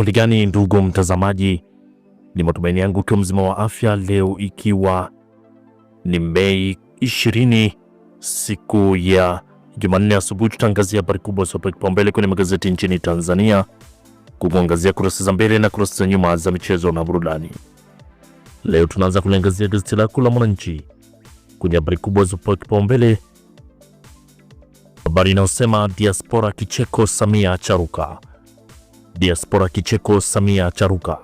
Hali gani ndugu mtazamaji, ni matumaini yangu ukiwa mzima wa afya leo, ikiwa ni Mei 20 siku ya Jumanne asubuhi, tutaangazia habari kubwa zilizopewa kipaumbele kwenye magazeti nchini Tanzania, kukuangazia kurasa za mbele na kurasa za nyuma za michezo na burudani. Leo tunaanza kuliangazia gazeti lako la Mwananchi kwenye habari kubwa zilizopewa kipaumbele, habari inayosema diaspora kicheko, Samia charuka Diaspora kicheko Samia charuka.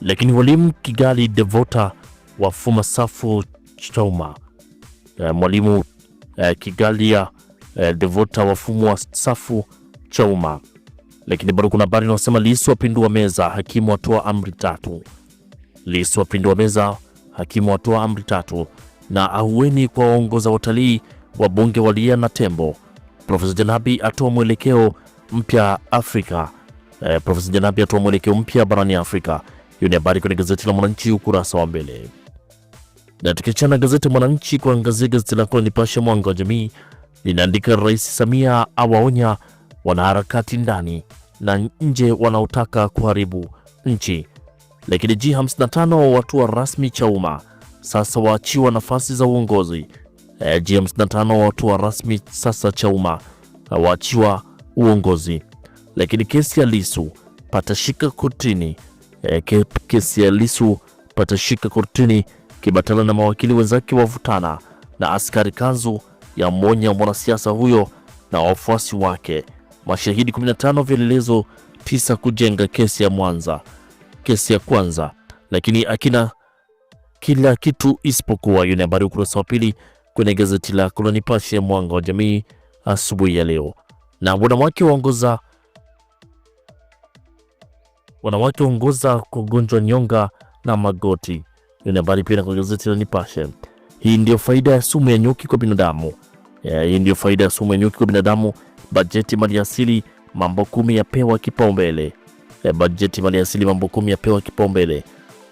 Lakini walimu Kigali Devota wafuma safu Chauma. E, mwalimu e, ya e, Devota wafumwa safu Chauma. Lakini bado kuna habari inasema Lissu apindua meza, hakimu atoa amri tatu. Lissu apindua meza, hakimu atoa amri tatu. Na ahueni kwa waongoza watalii, wabunge walia na tembo. Profesa Janabi atoa mwelekeo mpya Afrika eh, Profesa Janabi atoa mwelekeo mpya barani Afrika. Hiyo ni habari kwenye gazeti la Mwananchi ukurasa wa mbele, na tukiachana gazeti Mwananchi kuangazia gazeti lako Nipashe mwanga wa jamii linaandika Rais Samia awaonya wanaharakati ndani na nje wanaotaka kuharibu nchi. Lakini G55 watua rasmi Chauma sasa waachiwa nafasi za uongozi. Eh, G55 watua rasmi sasa Chauma waachiwa uongozi. Lakini kesi ya lisu patashika kotini, e, eh, kesi ya Lisu patashika kotini. Kibatala na mawakili wenzake wavutana na askari kanzu ya mmoja mwanasiasa huyo na wafuasi wake. Mashahidi 15 vielelezo tisa kujenga kesi ya mwanza kesi ya kwanza, lakini akina kila kitu isipokuwa hiyo. Ni habari ukurasa wa pili kwenye gazeti lako la Nipashe Mwanga wa Jamii asubuhi ya leo. Na bwana wake waongoza wanawake huongoza ugonjwa nyonga na magoti. Hiyo ni habari pia kwa gazeti la Nipashe. Hii ndio faida ya sumu ya nyuki kwa binadamu. Eh, hii ndio faida ya sumu ya nyuki kwa binadamu. Bajeti maliasili mambo kumi yapewa kipaumbele. Eh, bajeti maliasili mambo kumi yapewa kipaumbele.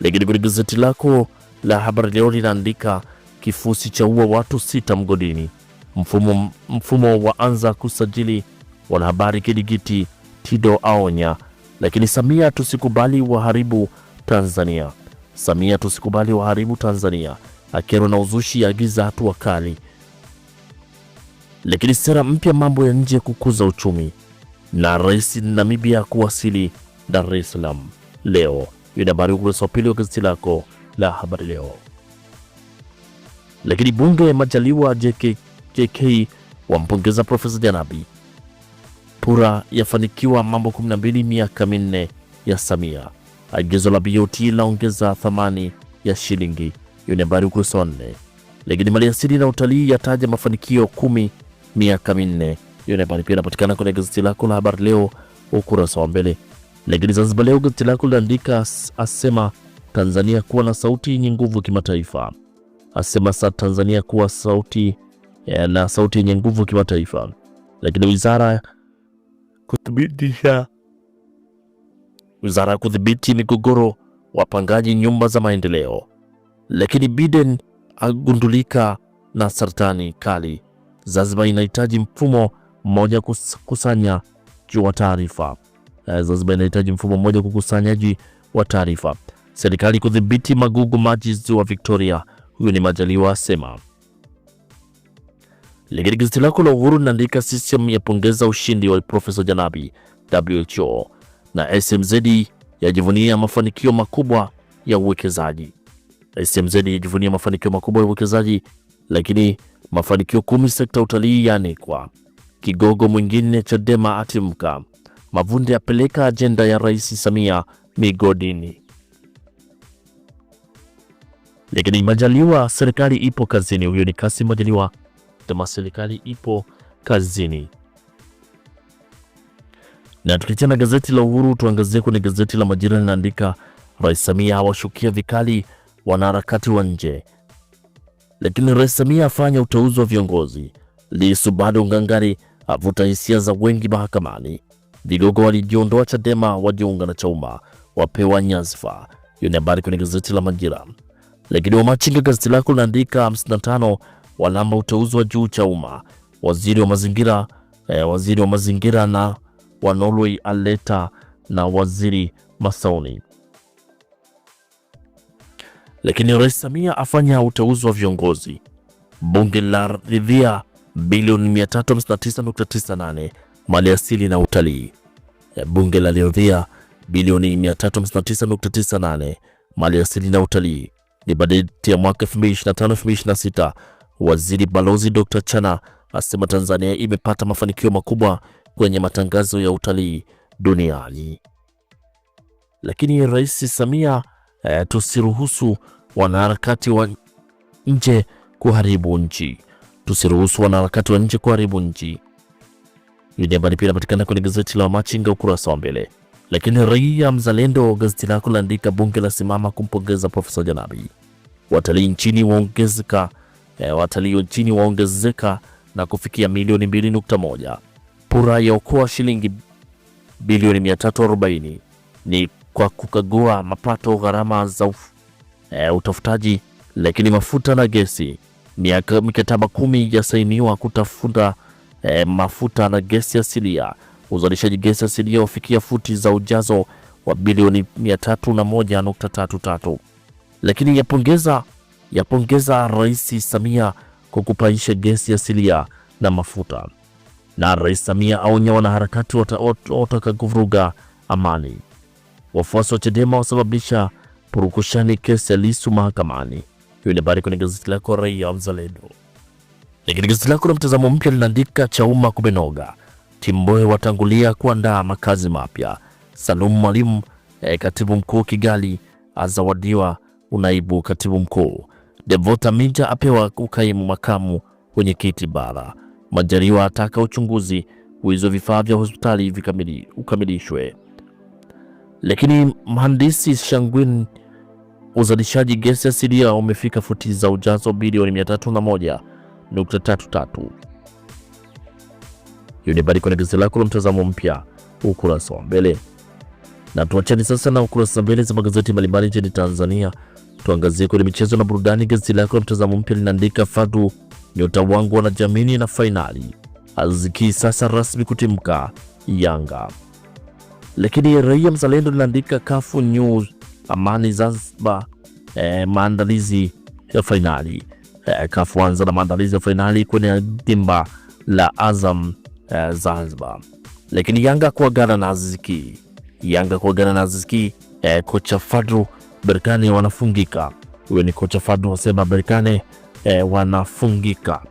Lakini kwenye gazeti lako la Habari Leo linaandika kifusi cha ua watu sita mgodini, mfumo, mfumo waanza kusajili wanahabari kidigiti, Tido aonya lakini Samia tusikubali waharibu Tanzania, Samia tusikubali waharibu Tanzania. Akerwa na uzushi, agiza hatua kali. Lakini sera mpya mambo ya nje kukuza uchumi, na rais Namibia kuwasili Dar es Salaam leo. Hiyo ni habari ukurasa wa pili wa gazeti lako la habari leo. Lakini bunge Majaliwa JK, JK wampongeza Profesa Janabi Pura yafanikiwa mambo 12 miaka minne ya Samia. Agizo la BOT laongeza thamani ya shilingi. Hiyo ni habari ukurasa wa nne. Lakini maliasili na utalii yataja mafanikio kumi miaka minne. Hiyo ni habari pia inapatikana kwenye gazeti lako la habari leo ukurasa wa mbele. Lakini Zanzibar Leo gazeti lako linaandika asema Tanzania kuwa na sauti yenye nguvu kimataifa, asema sa Tanzania kuwa sauti eh, na sauti yenye nguvu kimataifa. Lakini wizara kuthibitisha wizara ya kudhibiti migogoro, wapangaji nyumba za maendeleo. Lakini Biden agundulika na saratani kali. Zanzibar inahitaji mfumo mmoja kukusanya wa taarifa. Eh, Zanzibar inahitaji mfumo mmoja kukusanyaji wa taarifa. Serikali kudhibiti magugu maji ziwa Victoria. Huyu ni Majaliwa asema. Lakini gazeti lako la Uhuru linaandika CCM yapongeza ushindi wa Profesa Janabi WHO na SMZ yajivunia mafanikio makubwa ya uwekezaji. SMZ yajivunia mafanikio makubwa ya uwekezaji, lakini mafanikio kumi sekta utalii yaanikwa. Kigogo mwingine Chadema atimka. Mavunde apeleka ajenda ya Rais Samia migodini. Lakini Majaliwa, serikali ipo kazini. Huyo ni Kassim Majaliwa kama serikali ipo kazini. Na tukitia na gazeti la Uhuru, tuangazie kwenye gazeti la Majira linaandika Rais Samia awashukia vikali wanaharakati wa nje, lakini Rais Samia afanya uteuzi wa viongozi. Lisu bado ngangari, avuta hisia za wengi mahakamani. Vigogo walijiondoa Chadema wajiunga na Chauma, wapewa nyazifa. Hiyo ni habari kwenye gazeti la Majira. Lakini Wamachinga gazeti lako linaandika 55 walamba uteuzi wa juu cha umma. Waziri wa mazingira eh, waziri wa mazingira na wa Norway aleta na waziri Masauni. Lakini Rais Samia afanya uteuzi wa viongozi. Bunge la ridhia bilioni 359.98 asili na utalii. Eh, bunge la ridhia bilioni 359.98 maliasili na utalii ni bajeti ya mwaka 2025/2026 Waziri Balozi Dr. Chana asema Tanzania imepata mafanikio makubwa kwenye matangazo ya utalii duniani. Lakini Rais Samia e, tusiruhusu wanaharakati wa nje kuharibu nchi, tusiruhusu wanaharakati wa nje kuharibu nchi. Hii ni habari pia inapatikana kwenye gazeti la Wamachinga ukurasa wa mbele. Lakini Raia Mzalendo gazeti lako laandika bunge la simama kumpongeza Profesa Janabi, watalii nchini waongezeka e, watalii nchini waongezeka na kufikia milioni 2.1. PURA ya yaokoa shilingi bilioni 340 ni kwa kukagua mapato, gharama za e, utafutaji lakini mafuta na gesi. Mikataba kumi yasainiwa kutafuta e, mafuta na gesi asilia. Uzalishaji gesi asilia wafikia futi za ujazo wa bilioni 301.33, lakini yapongeza yapongeza Rais Samia kwa kupaisha gesi asilia na mafuta. Na Rais Samia aonya wanaharakati wataka kuvuruga amani. Wafuasi wa Chadema wasababisha purukushani kesi ya Lisu mahakamani. Hiyo ni habari kwenye gazeti lako Raia Mzalendo. Lakini gazeti lako la Mtazamo Mpya linaandika Chauma kumenoga, Timboe watangulia kuandaa makazi mapya, Salum Mwalimu eh, katibu mkuu Kigali azawadiwa unaibu katibu mkuu Devota Minja apewa ukaimu makamu kiti bara. Majaliwa ataka uchunguzi wizo vifaa vya hospitali vikamili, ukamilishwe. Lakini mhandisi Shangwin, uzalishaji gesi asilia umefika futi za ujazo bilioni 301.33. Hiyo ni kwenye gazeti lako la Mtazamo Mpya ukurasa wa mbele, na tuachani sasa na ukurasa mbele za magazeti mbalimbali nchini Tanzania. Tuangazie kwenye michezo na burudani. Gazeti lako Mtazamo Mpya linaandika Fadu, nyota wangu wanajamini na fainali aziki sasa rasmi kutimka Yanga. Lakini Raia Mzalendo linaandika Kafu News, amani Zanzibar, eh, maandalizi ya fainali eh, Kafu anza na maandalizi ya fainali kwenye dimba la Azam eh, Zanzibar. Lakini Yanga kuagana na Aziki, Yanga kuagana na Aziki eh, kocha Fadru Berkane wanafungika. Huyo ni kocha Fadlu wasema Berkane e, wanafungika.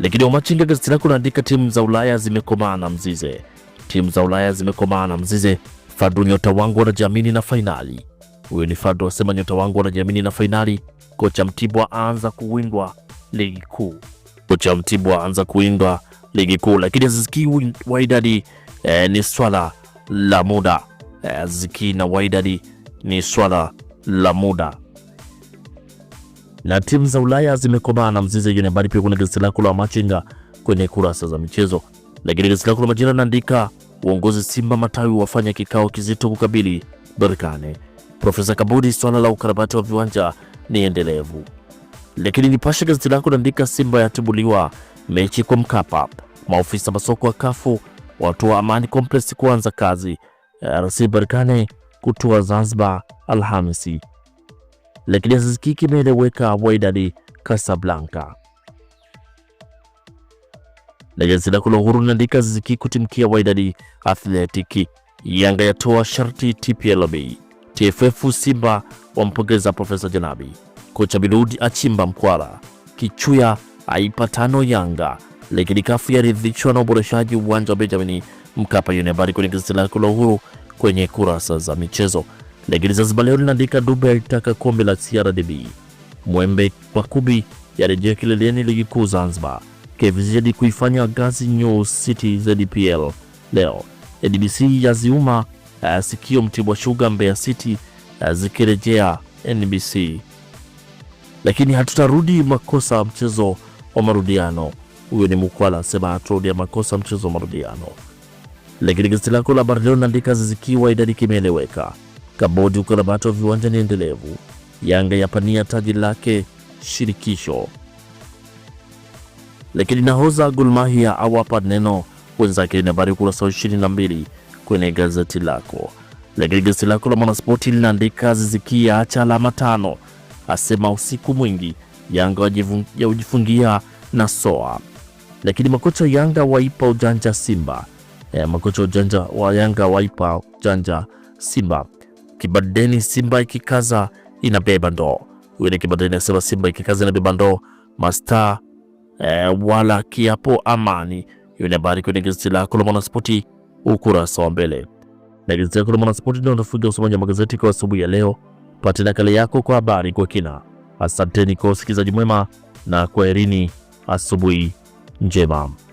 Lakini Wamachinga gazeti lako naandika timu za Ulaya zimekomaa na mzize, timu za Ulaya zimekomaa na mzize. Fadlu nyota wangu wanajiamini na fainali. Huyo ni Fadlu wasema nyota wangu wanajiamini na fainali. Kocha Mtibwa aanza kuwindwa ligi kuu, kocha Mtibwa aanza kuwindwa ligi kuu. Lakini Aziz Ki wa idadi e, ni swala la muda Eh, Ziki na Wydad ni swala la muda. Na timu za Ulaya zimekomaa na mzizi yenye Ni habari pia kuna gazeti lako la Machinga kwenye kurasa za michezo, lakini gazeti lako la Majira linaandika uongozi Simba matawi wafanya kikao kizito kukabili Berkane. Profesa Kabudi, swala la ukarabati wa viwanja ni endelevu. Lakini Nipashe gazeti lako linaandika Simba yatibuliwa mechi kwa Mkapa, maofisa masoko wa kafu watoa Amani Complex kuanza kazi RC Berkane kutua Zanzibar Alhamisi, lakini hazisikiki kimeeleweka Wydad Casablanca. Na gazeti lako la Uhuru linaandika ziziki kutimkia Wydad Athletiki, Yanga yatoa sharti TPLB, TFF Simba wampongeza Profesa Janabi, kocha Biludi achimba mkwara, Kichuya aipa tano Yanga, lakini kafu yaridhishwa na uboreshaji uwanja wa Benjamin Mkapa. Hiyo ni habari kwenye gazeti lako la Uhuru kwenye kurasa za michezo. Lakini Zanzibar Leo linaandika Dube alitaka kombe la CRDB, Mwembe Kwakubi yarejea kileleni ligi kuu Zanzibar, KVZ kuifanya Gazi New City ZPL leo, ADBC yaziuma uh, sikio Mtibwa Sugar Mbeya City uh, zikirejea NBC. Lakini hatutarudi makosa mchezo wa marudiano, huyo ni Mukwala asema haturudi makosa mchezo wa marudiano. Lakini gazeti lako la Barleo linaandika zikiwa idadi kimeeleweka, kabodi ukarabati wa viwanja ni endelevu, Yanga yapania taji lake shirikisho. Lakini nahoza Gulmahia awapa neno wenzake, ni habari ukurasa wa 22 kwenye gazeti lako. Lakini gazeti lako la Mwanaspoti linaandika zizikia acha alama tano, asema usiku mwingi, Yanga yaujifungia na soa. Lakini makocha Yanga waipa ujanja Simba eh, makocha ujanja wa Yanga waipa janja Simba. Kibadeni Simba ikikaza inabeba ndoo. Huyo ni Kibandeni asema Simba ikikaza inabeba ndoo masta eh, wala kiapo amani. Hiyo ni habari kwenye gazeti lako la Mwanaspoti ukurasa wa mbele, na gazeti lako la Mwanaspoti ndio nafunga usomaji wa magazeti kwa asubuhi ya leo. Pate nakala yako kwa habari kwa kina. Asanteni kwa usikilizaji mwema na kwaherini, asubuhi njema.